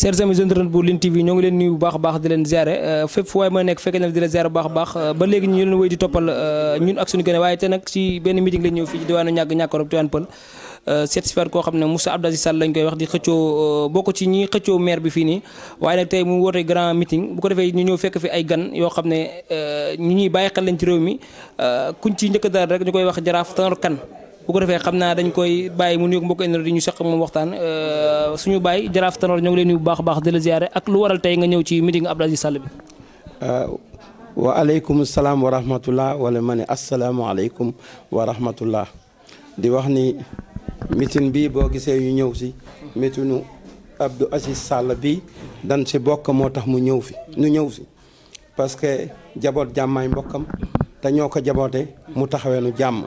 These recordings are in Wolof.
chers amis internautes bu Lune TV ñoo ngi leen nuyu bu baax a baax di leen ziare euh, fépp fu waay ma nekk fekkee na di la ziare baax a baax euh, ba léegi ñu leen wéy di toppal euh, ñun ak suñu gën waaye te nag ci benn meeting lañ ñëw fii ci diwaanu ñàgg ñàkkorop Tivaouane Peulh certificat koo xam ne Moussa Abdou Aziz Sall lañ koy wax di xëccoo bokk ci ñi xëccoo maire bi fii nii waaye nag tey mu woote grand meeting bu ko defee ñu ñëw fekk fi ay gan yoo xam ne ñu ñuy bàyyi xel lañ ci réew mi kuñ ci njëkk dara rek ñu koy wax jaraaf Tanor Kane bu ko defee xam naa dañ koy bàyyi mu nuyoog mbokk internet yi ñu seq moom waxtaan euh, suñu bàyyi jaraaf Tanor ñoo ngi leen nuyu bu baax baax di la ziare ak lu waral tey nga ñëw ci meeting Abdou Aziz Sall bi. Euh, waaleykum salaam wa rahmatullah wala ma ne asalaamaaleykum wa rahmatullah di wax ni meeting bi boo gisee ñu ñëw si. meetingu Abdou Aziz Sall bi dañ si bokk moo tax mu ñëw fi ñu ñëw si parce que jaboot jàmmaay mbokkam te ñoo ko jabootee mu taxawee nu jàmm.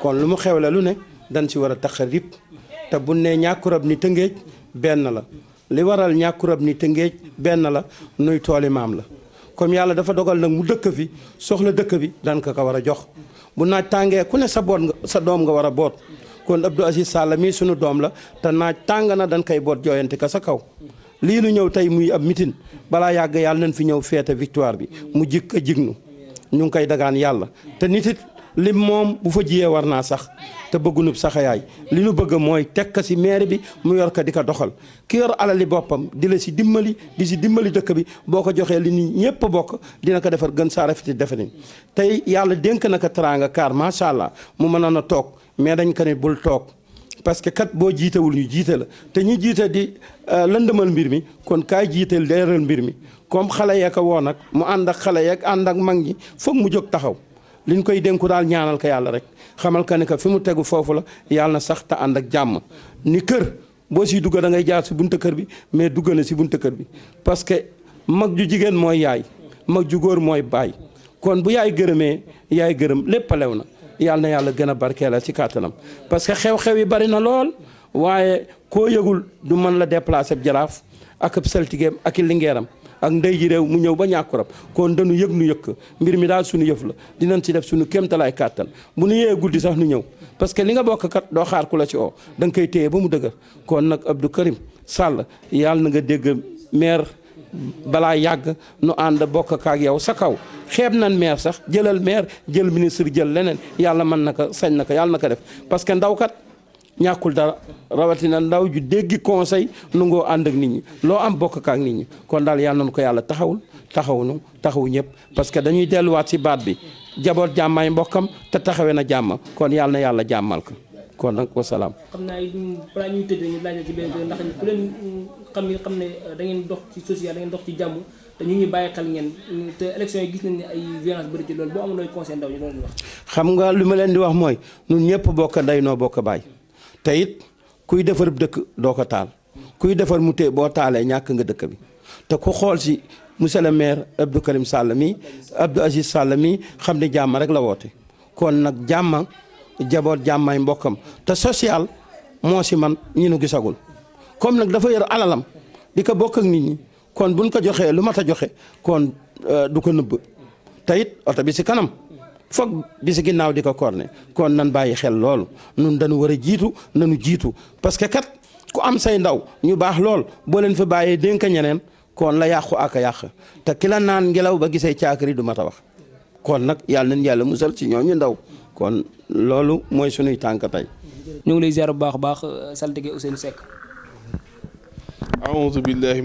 kon lu mu xewle lu ne dañ ci war a tax a rib te bu ne ñàkkurab ni tëngéej benn la li waral ñàkkurab ni tëngéej benn la nuy tooli maam la comme yàlla dafa dogal nag mu dëkk fi soxla dëkk bi dan ko ko war a jox bu naaj tàngee ku ne sa boot sa doom nga war a boot kon Abdou Aziz Sall mii sunu doom la te naaj tàng na dañ koy boot jooyante ko sa kaw lii nu ñëw tey muy ab mitin balaa yàgg yàlla nañ fi ñëw feete victoire bi mu jik a jignu ñu ngi koy dagaan yàlla li moom bu fa jiyee war naa sax te bëggunub saxayaay li ñu bëgg mooy teg ko si maire bi mu yor ko di ko doxal ki yor alali boppam di la si dimbali di si dimbali dëkk bi boo ko joxee li nit ñëpp bokk dina ko defar gën saa defe defenin tey yàlla dénk na ko teraanga kaar macha allah mu mënoon a toog mais dañ ko bul toog parce que kat boo jiitewul ñu jiite la te ñu jiite di euh, lëndëmal mbir mi kon kaay jiiteel leeral mbir mi comme xale yee ko woo nag mu ànd ak xale yeeg ànd ak mag ñi foog mu jóg taxaw liñ koy dénku daal ñaanal ko yàlla rek xamal ka ne que fi mu tegu foofu la yàlla na sax te ànd ak jàmm ni kër boo siy dugg da ngay jaar si buntu kër bi mais dugg na si buntu kër bi parce que mag ju jigéen mooy yaay mag ju góor mooy baay kon bu yaay gërëmee yaay gërëm lépp lew na yàlla na yàlla gën a barkeelal ci kàttanam parce que xew-xew yi bari na lool waaye koo yëgul du mën la déplacer jaraaf ak ab saltigeem ak i lingeeram ak ndey ji rew mu ñëw ba ñàkku rab kon dañu yëg nu yëkk mbir mi daal suñu yëf la dinañ ci def suñu kéemtalaay kàttan bu nu yee guddi sax nu ñëw parce que li nga bokk kat doo xaar ku la ci oo da nga koy téye ba mu dëgër kon nag Abdou Karim Sall yàlla na nga dégg maire balaa yàgg nu ànd bokk kaak yow sa kaw xeeb nan maire sax jëlal maire jël ministre jël leneen yàlla mën na ko sañ na ko yàlla na ko def parce que ndaw kat ñàkkul dara rawatina ndaw ju dégg conseil nu ngoo ànd ak nit ñi loo am bokk ak nit ñi kon daal yal nañu ko yàlla taxawul taxaw nu taxaw ñëpp parce que dañuy delluwaat ci baat bi jaboot jàmmaay mbokkam te taxawee na jàmm kon yal na yàlla jàmmal ko kon nag wasalaam. xam naa balaa ñuy ni xam ne da ngeen dox ci social da ngeen dox ci ñu ngi bàyyi xel ngeen te élection yi gis nañ ni ay violence bëri ci loolu boo amul looy conseil ndaw ñu loolu wax. xam nga li ma leen di wax mooy ñun ñëpp bokk ndey noo bokk baay. te it kuy defar dëkk doo ko taal kuy defar mu tee boo taalee ñàkk nga dëkk bi te ku xool si monsieur le maire Abdou Karim Sall mi Abdou Aziz Sall mi xam ne jàmm rek la woote kon nag jàmma jaboot jàmmaay mbokkam te social moo si man ñi nu gisagul comme nag dafa yor alalam di ko bokk ak nit ñi kon buñ ko joxee lu mat a joxe kon euh, du ko nëbb te oto bi si kanam foog bi si ginnaaw di ko corné kon nan bàyyi xel loolu nun dañu war a jiitu nanu jiitu parce que kat ku am say ndaw ñu baax lool boo leen fa bàyyee dénk ñeneen kon la yàqu ak yàq te kila naan ngelaw ba gisee caakiri du mat a wax kon nag yàlla nañ yàlla musal ci ñu ndaw kon loolu mooy sunuy tànk tey. ngi lay ziar bu baax a baax euh, saltige Ousseynou Seck. aoudu billahi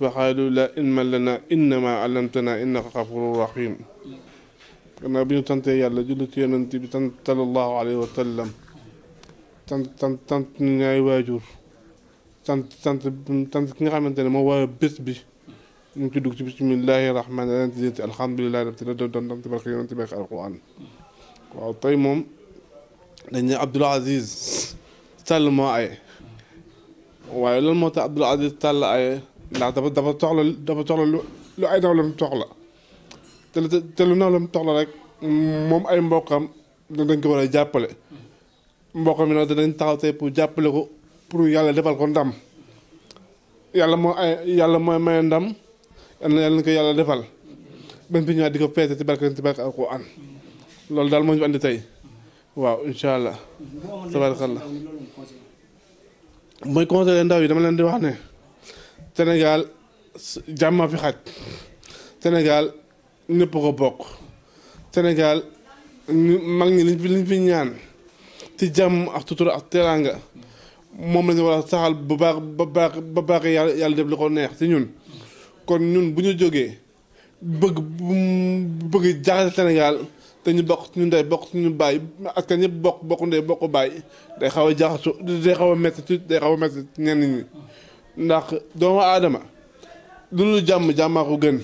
فقالوا لا علم لنا انما علمتنا انك غفور رحيم كنا بين تنت يلا جلتي انت بتنت الله عليه وسلم تنت تنت تنت ناي واجور تنت تنت تنت كنا من تنا مو بس بي انت دوك بسم الله الرحمن الرحيم الحمد لله رب العالمين انت بارك انت بارك القران وطيمم لان عبد العزيز تلمو اي وعلى الموت عبد العزيز تلمو ndax dafa dafa soxla dafa soxla lu la ay nawlam soxla te te lu nawlam soxla rek moom ay mbokkam dañ ko war jàppale mbokkam yi nag danañ taxaw tey pour jàppale ko pour yàlla defal ko ndam yàlla moo ay yàlla mooy maye ndam yàlla yàlla na yàlla defal benn fi ñëwaat di ko feete loolu daal moo ñu fi andi tey waaw incha allah tabarakallah mooy conseil ndaw yi dama leen di wax ne Sénégal jàmma fi xaj Sénégal ñëpp ko bokk senegaal mag ñi liñ fi liñ fi ñaan ci jàmm ak sutura ak teraanga moom lañuy ñu war a saxal bu baax ba baax ba baax yàlla yàlla def li ko neex ci ñun kon ñun bu ñu jógee bëgg bëgg jaaxal Sénégal te ñu bokk suñu ndey bokk suñu baay askan ñëpp bokk bokk ndey bokk baay day xaw a jaaxasu day xaw a métti day xaw a métti ñenn ñi ndax doomu aadama lu dul jàmm jàmmaa ko gën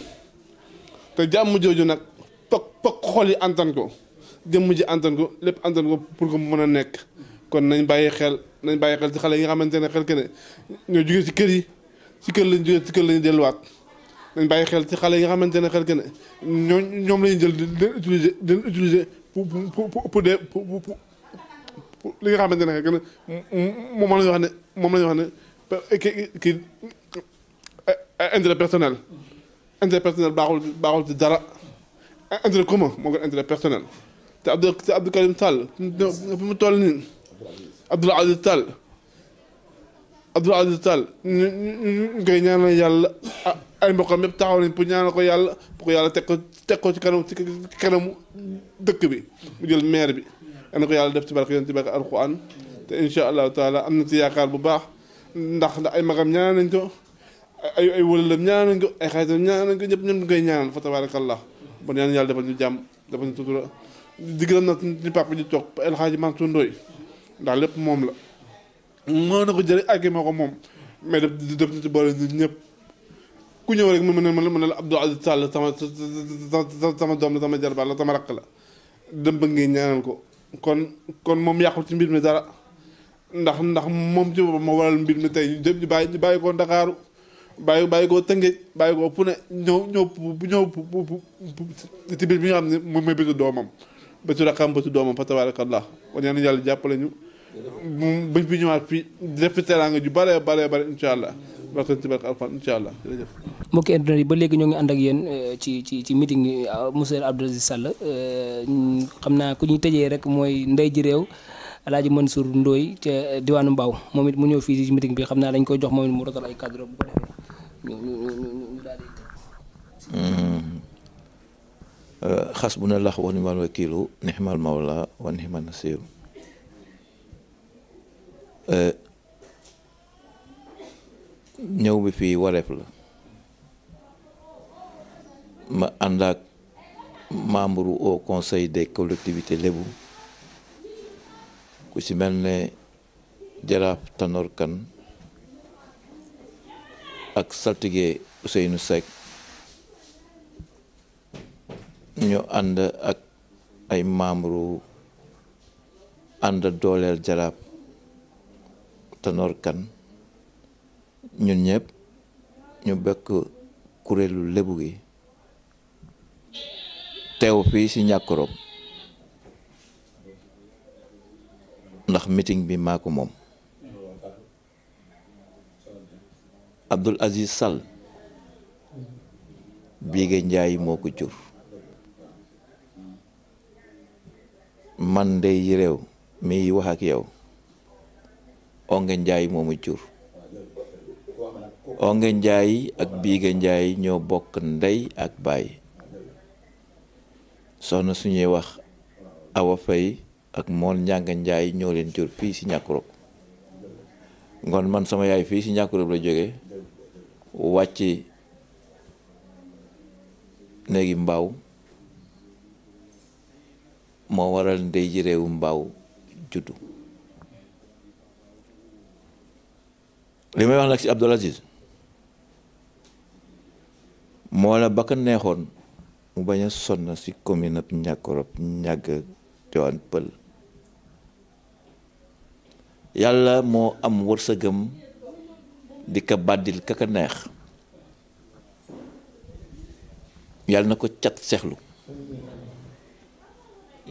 te jàmm jooju nag pok pok xol yi antan ko jëmm ji antan ko lépp antan ko pour que mu mën a nekk kon nañ bàyyi xel nañ bàyyi xel ci xale yi nga xamante ne xel ke ne ñoo ci kër yi ci kër lañ jugee ci kër lañu delluwaat nañ bàyyi xel ci xale yi nga xamante ne xel ke ne ñoom lañu jël di leen utiliser di pour pour pour li nga ne xel ke ne moom la ñu wax ne moom la wax ne Eh, ki ki eh, intérêt personnel intérêt personnel baaxul baaxul ci dara eh, intérêt commun moo gën intérêt personnel te Abdou te Abdou Karim Sall fi mu toll nii Abdoul Aziz Sall Abdoul Aziz Sall ñu ñu koy ñaanal yàlla ah, ay mbokkam yëpp taxaw nañ pour ñaanal ko yàlla pour ko yàlla teg ko teg ko ci kanam ci kanamu dëkk bi mu jël maire bi. yal ko yàlla def ci barke yoon ci al alquran te incha allahu taala am na ci yaakaar bu baax. ndax ndax ay magam ñaanal nañ ko ay ay wëlalam ñaanal nañ ko ay xaritam ñaanal nañ ñëpp ñoom ñu koy ñaanal fa tabaarakallah bon yal na yàlla defal ñu jàmm defal ñu tutura diggalam na suñu papa ji toog El ndax lépp moom la moo na ko jëriñ ko moom mais def def na ci boole ñëpp ku ñëw rek mu ne ma ne la Abdou Aziz Sall sama sama doom la sama jarbaat la sama rakk la dem ba ngeen ñaanal ko kon kon moom yàqul ci mbir mi dara ndax ndax moom ci boppam moo waral mbir mi tey ñu jëm ñu bàyyi ñu bàyyi ko Ndakaaru bàyyi bàyyi ko Tëngéej bàyyi ko Pune ñëw ñëw ñëw ci biir bi nga xam ne moom mooy bisu doomam ba ci rakam ba ci doomam fa tabarakallah kon yal na yàlla jàppale ñu buñ fi ñëwaat fii def fi teraanga ju bare bare bare incha allah waxtaan ci barke alfan incha allah yi ba léegi ñoo ngi ànd ak yéen euh, ci ci ci meeting euh, monsieur Abdou Aziz Sall euh, xam naa ku ñuy tëjee rek mooy ndey ji réew alaaji Mansour Ndoye ca diwaanu Mbaaw moom it mu ñëw fii ci meeting bi xam naa dañ koy jox moom it mu rotal ay cadre bu ko xas bu na lax wa nimal wakiilu nixmal mawla wa nixmal nasiru uh, ñëw bi fii wareef la ma àndak ak membre au conseil des collectivités lébu ku si mel ne jaraaf Tanor Kan ak saltige Ousseynou Seck ñu ànd ak ay membre ànd dooleel jaraaf Tanor Kan ñun ñëpp ñu bekk kuréelu lébu gi teew si mitin bi maa moom Abdoul Aziz sal Biége njaay moo ko jur man ndey réew mi wax ak yow Onge Ndiaye moo ma jur Onge Ndiaye ak Biége Ndiaye ñoo bokk ndey ak baay soxna suñuy wax Awa ak moon njàng njaay ñoo len jur fi si ñàkkurub ngon man sama yaay fi si ñàkkurub la jógee wàcc néegi mbaaw moo waral ndey ji réewu mbaaw juddu li wax nag si Abdoul Aziz moo la bakka neexoon mu bañ a sonn si commune ab ñàkkurub ñàgg Tivaouane yàlla moo am wërsëgam di ko bàddil kaka neex yàlla na ko cat seexlu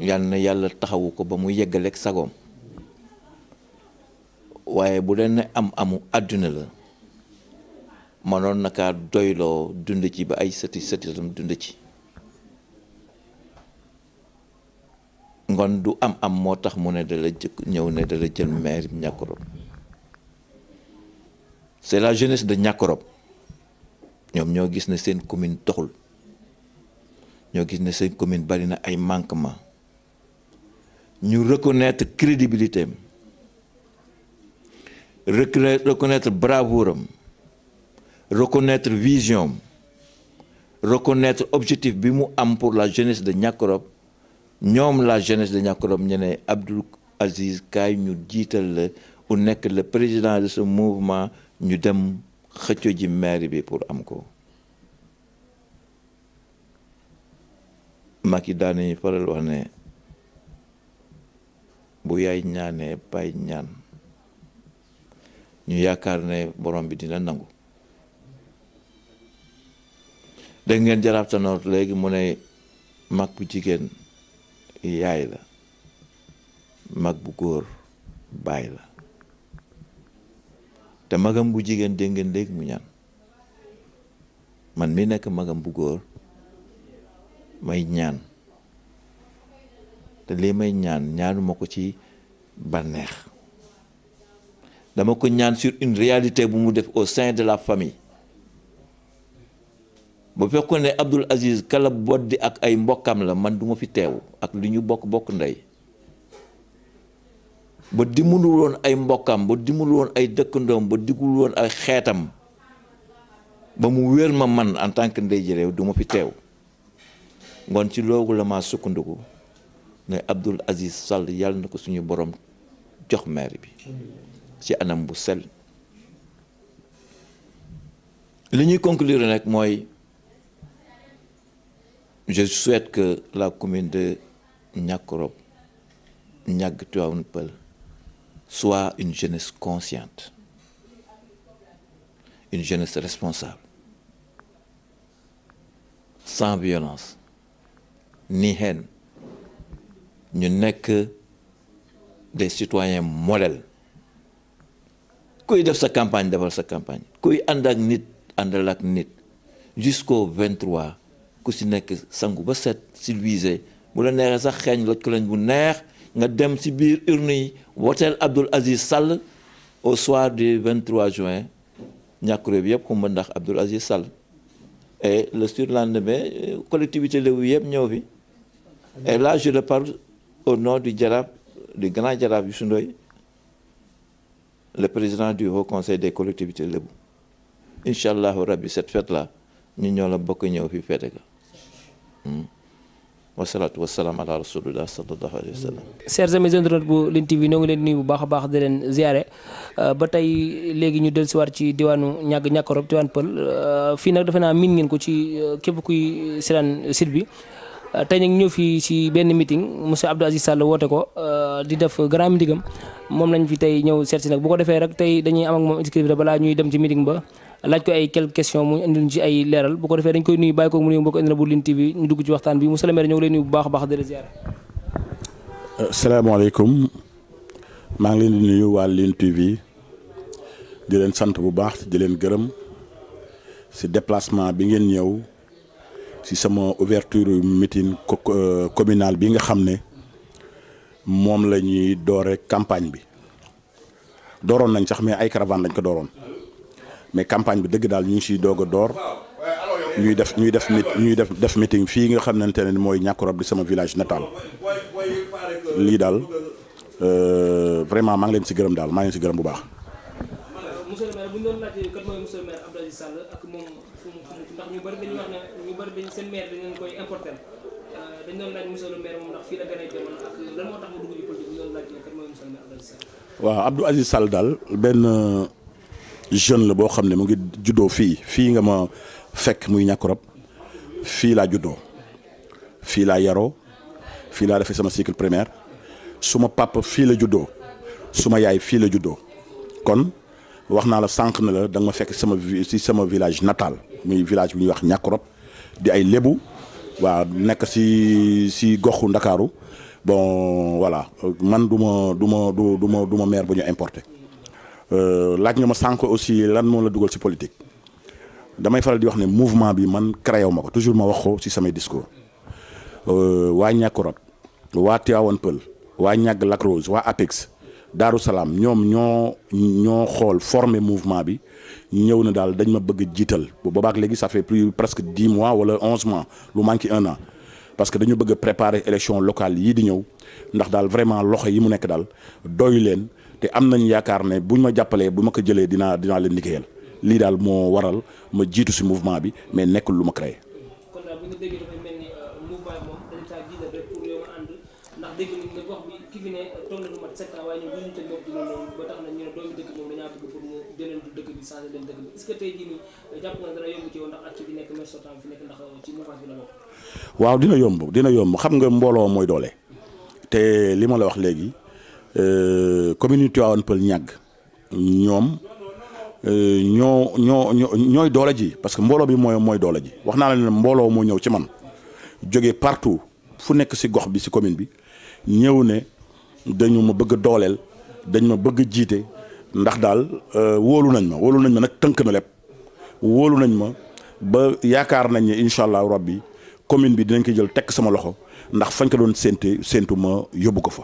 yàlla na yàlla taxawu ko ba mu yeggaleek sagoom waaye bu leen am amu àdduna la manoon nakaa doyloo dund ci ba ay sëti sëtitam dund ci ngon du am am moo tax mu ne dala ñëw ne dala jël maire Niakoulrop c'est la jeunesse de Niakoulrop ñoom ñoo gis ne seen commune doxul ñoo gis ne seen commune bari na ay manquement ñu reconnaître crédibilité am reconnaître bravoure am reconnaître vision am reconnaître objectif bi mu am pour la jeunesse de Niakoulrop ñoom la jeunesse de Niakoulom ñu ne Abdoul Aziz kaay ñu jiital la u nekk la président de ce mouvement ñu dem xëcco ji maire bi pour am ko Macky daanañu faral wax ne bu yaay ñaanee bay ñaan ñu yaakaar ne borom bi dina nangu dégg ngeen jaraaf Tanor léegi mu ne mag bu jigéen yaay la mag bu góor baay la te magam bu jigéen dégg léegi mu ñaan man mi nekk magam bu góor may ñaan te lii may ñaan ñaanuma ko ci bànneex dama ko ñaan sur une réalité bu mu def au sein de la famille ba fekkoon ne Abdul Aziz kala boddi ak ay mbokkam la man duma fi teew ak li ñu bokk bokk ndey ba dimbalu woon ay mbokkam ba dimbalu woon ay dëkkandoom ba diggul woon ay xeetam ba mu wér ma man en tant que ndey ji réew fi teew ngoon ci loogu la maa sukkandiku ne Abdul Aziz Sall yàlla na ko suñu boroom jox maire bi ci anam bu sel li ñuy conclure nag mooy Je souhaite que la commune de Niakorop, Niag soit une jeunesse consciente, une jeunesse responsable, sans violence, ni haine. Nous n'est que des citoyens modèles. Qui fait sa campagne, d'abord sa campagne. Qui andak nit, jusqu'au 23 ku si nekk sangu ba set civilisé bu la neexee sax xeeñ loj ko lañ bu nga dem si urne yi Aziz Sall au soir du 23 juin ñàkk réew bi yëpp ndax Aziz Sall et le surlendemain collectivité de yëpp ñëw fi et là je le parle au nom du jarab, du grand jarab yu sundoy le président du haut conseil des collectivités de Inch'Allah, au rabbi cette fête là ñu ñoo la bokk ñëw fi fête ko Hmm. wasalaatu wasalaam ala rasulillah sallallahu alayhi wa sallam. chers amis bu Lune TV ñoo leen nii bu baax a baax di leen ziare euh, ba tey léegi ñu dellusiwaat ci diwaanu ñàgg ñàkkorob diwaan pël euh, fii nag defe naa miin ngeen ko ci euh, képp kuy seetaan site bi tey nag ñëw fii ci benn meeting monsieur Abdou Aziz Sall woote ko di def grand meeting am moom lañ fi tey ñëw seet si nag boo ko defee rek tey dañuy am moom inscription balaa ñuy dem ci meeting ba. laaj ko ay quelques questions mu ci ay leral bu ko dañ TV ñu dugg ci waxtaan bi Je mère nuyu bu baax euh, TV di leen bu baax di déplacement bi ngeen si sama ouverture meeting euh, communal bi nga xamné mom lañuy campagne bi nañ sax mais ay caravane mais campagne bi dëgg daal ñu ngi siy doog a door ñuy def ñuy def ñuy def def meeting fii nga xamante ne mooy Niakoulrab di sama village natal lii daal euh, vraiment maa ngi leen si gërëm daal maa leen si gërëm bu baax. monsieur ci politique bu ñu doon laajte Aziz Sall daal benn. jeune la que ne ngi fille de nga ma fek muy yaro cycle primaire suma papa fille la Judo, suma yaay fii la juddoo kon Con. la na la ma sama village natal Je village bu ñuy wax di ay lébu fille. si si goxu Ndakaaru bon voilà man je ma mère mon mère euh, laaj ma aussi lan mo la ci politique damay faral di wax ne mouvement bi man toujours ma wax ko ci samay discours euh, APEX daru salam ñom ñoo ñoo former mouvement bi na dañ ma bëgg jital bu ça fait plus presque dix mois wala 11 mois lu manki un an parce que dañu bëgg préparer élection locale yi di ndax vraiment yi mu nek te am nañ yaakaar ne buñ ma jàppalee bu ma ko jëlee dinaa dinaa leen liggéeyal lii daal moo waral ma jiitu ci mouvement bi mais nekkul lu ma créé. kon daal bu ñu waaw dina yomb dina yomb xam nga mbooloo mooy doole te li ma la wax léegi Euh, commune Tivaouane Peulh ñàgg ñoom euh, ñoo ñoo ñoo ñooy doole ji parce que mbooloo bi mooy mooy doole ji wax naa la ne mbooloo moo ñëw ci man jóge partout fu nekk si gox bi si commune bi ñëw ne dañu ma bëgg dooleel dañ ma bëgg jiite ndax daal euh, wóolu nañ ma wóolu nañ ma nag tënk na lépp wóolu nañ ma ba yaakaar nañ ne incha allah rabbi commune bi dinañ ko jël tekk sama loxo ndax fañ ko doon séente séentu ma yóbbu ko fa.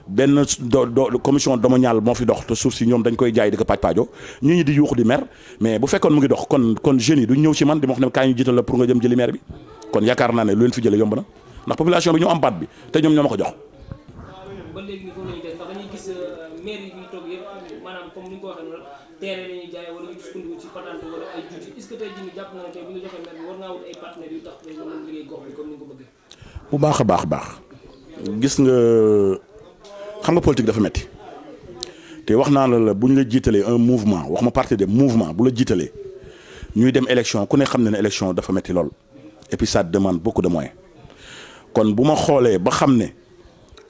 benn do commission domaniale moo fi dox te suuf si ñoom dañ koy jaay di ko paj paajo ñu ñi di yuux di mer mais bu fekkoon mu ngi dox kon kon jeunes yi duñ ñëw ci man di ma wax ne kaay ñu jiital la pour nga jëm kon yaakaar naa ne lu leen jële yomb na ndax population bi ñoo am baat bi te ñoom ñoo ma ko jox. Euh, bu bu baax a baax baax gis nga xam nga politique dafa metti te wax naa la la bu ñu la jiitalee un mouvement wax ma parti de mouvement bu la jiitalee ñuy dem élection ku ne xam ne ne élection dafa metti lool et puis ça demande beaucoup de moyens kon bu ma xoolee ba xam ne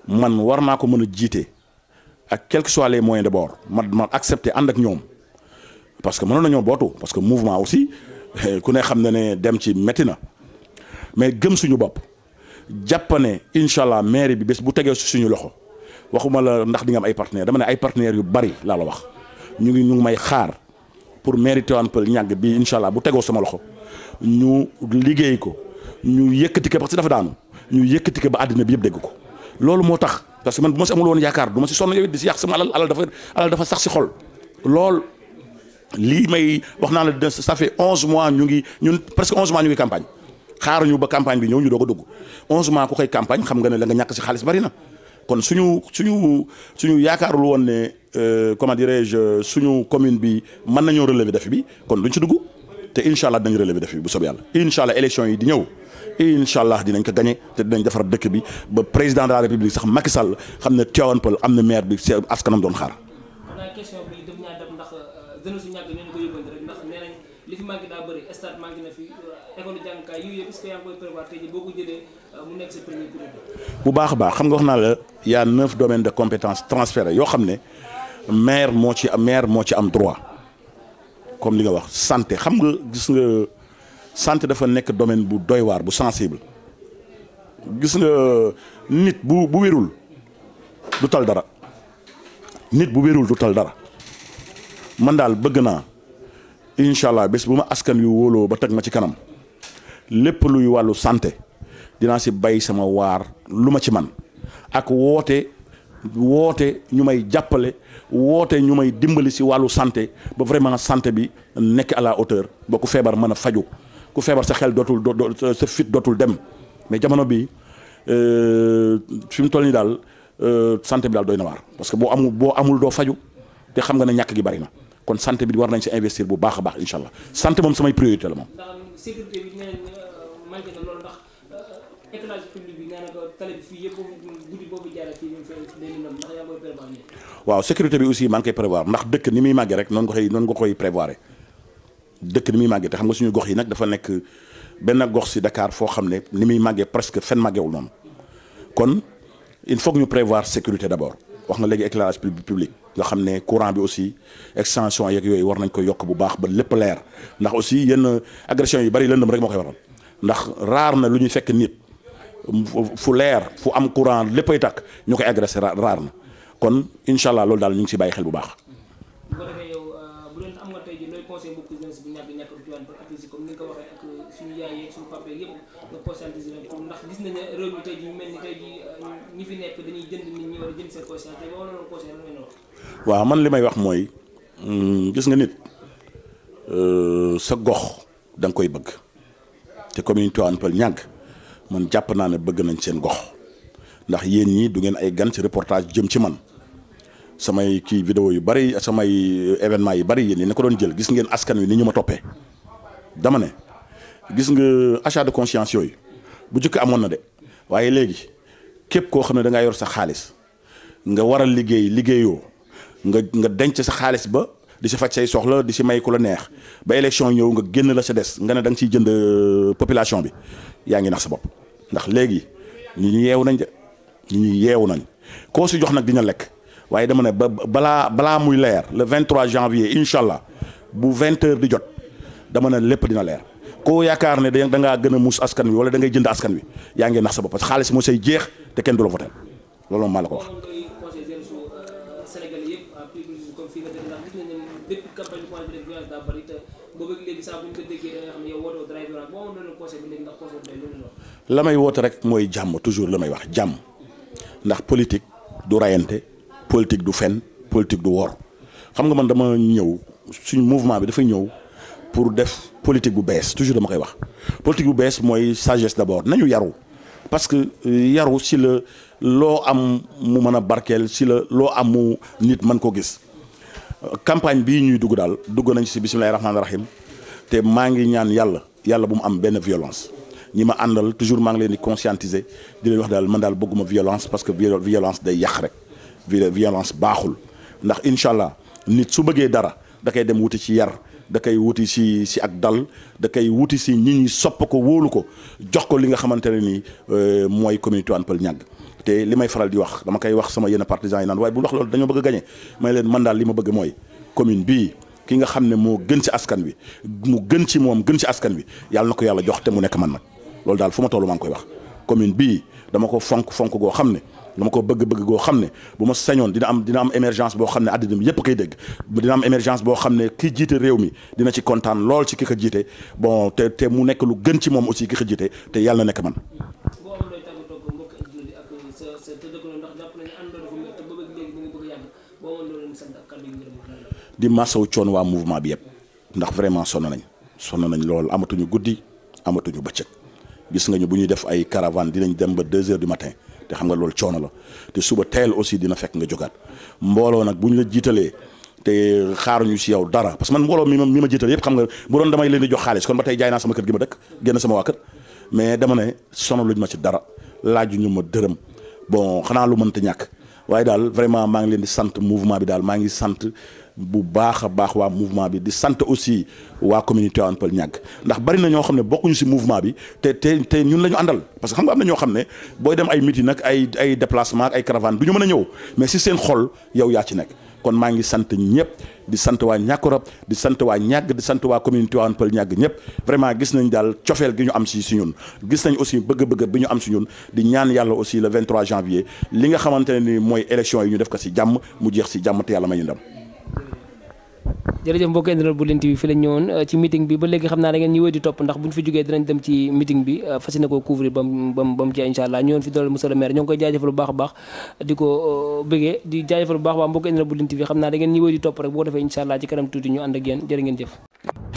man war naa ko mën a jiite ak quels que soient les moyens d'abord ma ma accepter ànd ak ñoom parce que mënoon nañoo bootu parce que mouvement aussi ku ne xam na ne dem ci metti na mais gëm suñu bopp jàpp ne incha allah mairie bi bés bu tegee suñu loxo. waxuma la ndax di am ay partenaires dama ay partenaires yu bari laa la wax ñu ngi ñu ngi may xaar pour mairie Tivaouane Peulh ñàgg bi incha allah bu tegoo sama loxo ñu liggéey ko ñu yëkkati ko parce que dafa daanu ñu yëkkati ko ba àddina bi yëpp dégg ko loolu moo tax parce que man bu ma si amul yaakaar du ma si sonn yow it di si yàq sama alal alal dafa dafa sax si xol lool lii may wax naa la ça fait onze mois ñu ngi ñun presque onze mois ñu ngi campagne xaaruñu ba campagne bi ñëw ñu doog a dugg onze mois ku koy nga ne la ñàkk si xaalis bari na kon suñu suñu suñu yaakaarul woon ne euh, comment dirais-je suñu commune bi mën nañoo relever défi bi kon duñ ci dugg te incha allah dinañ relever défi bi bu soobee yàlla incha allah élection yi di ñëw. incha allah dinañ ko gagné te dinañ defar dëkk bi ba président de la république sax Macky Sall xam ne Tivaouane Peulh am na maire bi see askanam doon xaar. maanaam école de jàngukaay yooyu yëpp est tey jii boo ko euh, mu nekk sa premier kuréel bu baax a baax xam nga wax na la y a neuf domaines de compétences transférés yo xam maire mo ci maire mo ci am droit comme li nga wax santé xam nga gis nga santé dafa nek domaine bu doy war bu sensible gis nga nit bu bu wérul du tal dara nit bu wérul du tal dara man dal bëgg na inshallah allah buma askan yu wolo ba teg ma ci kanam lépp luy wàllu sante dinaa si bay sama waar lu ma ci man ak woote woote ñu may jàppale woote ñu may dimbali si wàllu sante ba vraiment sante bi nekk à la hauteur ba ku feebar mën a faju ku feebar sa xel dootul do sa fit dootul dem mais jamono bi euh, fi mu toll nii daal euh, santé bi daal doy na waar parce que boo amul boo amul doo faju te xam nga ne ñàkk gi bari na kon santé bi war nañ si investir bu baax a baax incha allah moom samay priorité la moom. sécurité bi nee nañ euh, manqué na loolu ndax euh, éclairage public bi nee na ko tali bi fii yëpp guddi boobu jaaree fii ñun fii day dundam ndax yaa koy prévoir nii. waaw sécurité bi aussi maa ngi prévoir ndax dëkk ni muy màggee rek noonu nga koy noonu nga koy prévoiré dëkk ni muy màggee te xam nga suñu gox yi nag dafa nekk benn gox si Dakar foo xam ne ni muy màggee presque fenn màggeewul noonu kon il faut que ñu prévoir sécurité d'abord. wax nga léegi éclairage public nga xam ne courant bi aussi extension yeeg yooyu war nañ ko yokk bu baax ba lépp leer ndax aussi yenn agression yu bari lëndëm rek moo koy waral ndax raar na lu ñuy fekk nit fu leer fu am courant léppay takk ñu koy agressé raar na kon incha allah loolu daal ñu ngi si bàyyi xel bu baax. bu ko defee yow bu doon am nga tey jii looy conseil bu jeunesse bi ñàkk ñàkk du Tivaouane pour attiser comme ni nga ko waxee ak suñu yaay yeeg suñu papa yëpp nga conscientiser leen pour ndax gis nañ ne réew mi tey jii mel ni tey jii ñi waaw man li may wax mooy mm, gis nga nit euh, sa gox da koy bëgg te comme commune Tivaouane Peulh ñàgg man jàpp naa ne bëgg nañ seen gox ndax yéen ñii du ngeen ay gan ci reportage jëm ci man samay kii vidéo yu bari samay euh, événement yu bari yéen ñi ne ko doon jël gis ngeen askan wi ni ñu ma toppee dama ne gis nga achat de conscience yooyu bu jëkk amoon na de waaye léegi. képp koo xam ne da ngaa yor sa xaalis nga war a liggéey liggéeyoo nga nga denc sa xaalis ba di si faj say soxla di si may ku la neex ba élection ñëw nga génn la sa des nga ne da nga ciy jënd euh, population bi yaa ngi nax sa bopp ndax léegi ñi ñu nañ de ñu yeewu nañ koo si jox nag dina lekk waaye dama ne ba balaa balaa muy leer le 23 janvier incha allah bu 20 heures di jot dama ne lépp dina leer koo yaakaar ne da ngaa gën a muus askan wi wala da ngay jënd askan wi nax sa bopp parce que xaalis moo say jeex. te kenn du la voté loolu moom maa ko wax. la may woote rek mooy jàmm toujours la may wax jàmm ndax politique du rayante politique du fen politique du wor xam nga man dama ñëw suñu mouvement bi dafa ñëw pour def politique bu bees toujours dama koy wax politique bu bees mooy sagesse d'abord nañu yaru parce que il euh, si le lo am mu mën Barkel, si le lo amou nit man campagne bii ñuy goudal du goudal nañ si bisimilahi rahmaani rahim te maa ngi ñaan yalla yàlla am ben violence Nima ma toujours mangi ni conscientisé conscientiser di leen wax man violence parce que violence de yachre, violence baaxul ndax inshallah allah nit su dara da koy dem ci yar da koy wuti si si ak dal da koy wuti si ñi ñi sopp ko wóolu ko jox ko li nga xamante ne nii euh, mooy commune Hann Peul ñàgg te li may faral di wax dama koy wax sama yenn partisans yi naan waaye bu wax loolu dañoo bëgg a gañe may leen man daal li ma bëgg mooy commune bii ki nga xam ne moo gën si askan wi mu gën ci moom gën si askan wi yàlla na ko yàlla jox te mu nekk man nag loolu daal fu ma toll maa ngi koy wax commune bii dama ko fonk fonk goo xam ne dama ko bëgg-bëgg goo xam ne bu ma sañoon dina am dina am émergence boo xam ne àddina bi yëpp koy dégg dina am émergence boo xam ne ki jiite réew mi dina ci kontaan lool ci ki ko jiite bon te te mu nekk lu gën ci moom aussi ki ko jiite te yàlla na nekk man. di masawu coon waa mouvement bi yëpp ndax vraiment sonn nañ sonn nañ lool amatuñu guddi amatuñu bëccëg gis nga ñu bu def ay caravane dinañ dem ba deux heures du matin. te xam nga loolu coono la te suba teel aussi dina fekk nga jógaat mbooloo nag bu ñu la jiitalee te xaaruñu si yow dara parce que man mbooloo mi ma mi ma jiital yëpp xam nga bu doon damay leen di jox xaalis kon ba tey jaay naa sama kër gi ma dëkk génn sama waa kër mais dama ne sono luñ ma ci dara laaju ñu ma dërëm bon xanaa lu mënta ñàkk waaye daal vraiment maa ngi leen di sant mouvement bi daal maa ngi sant bu baax baax waa mouvement bi di sante aussi wa communauté Tivaouane Peulh ñag ndax bari na ñoo xamne ne bokkuñu ci mouvement bi té té te ñun lañu andal parce que xam nga am na ñoo xam ne dem ay meeting nak ay ay déplacement ay caravane duñu mëna ñëw mais ci seen xol yow ya ci nek kon maa ngi sant ñëpp di sante wa ñàkkorop di sante wa ñag di sante wa communauté Tivaouane Peulh ñag ñepp vraiment gis nañ dal cofeel gi ñu am ci si ñun gis nañ aussi bëgg-bëgg bi ñu am ci ñun di ñaan yalla aussi le 23 janvier li nga xamanteni moy élection yi ñu def ko ci jamm mu jeex ci jamm te yalla may ñu ndam jërëjëf mbokk internet bu Lune TV fi la ñu ci meeting bi ba léegi xam naa da ngeen ñu wéy di topp ndax bu ñu fi jógee dinañ dem ci meeting bi euh, fas yéene koo couvrir ba mu ba mu ba mu jeex incha allah fi dooleel monsieur le ñoo koy jaajëfal bu baax a baax di ko euh, bëggee di jaajëfal bu baax a baax mbokk internet bu Lune TV xam naa da ngeen ñu wéy di topp rek boo defee incha allah ci kanam tuuti ñu ànd ak yéen jërë ngeen jëf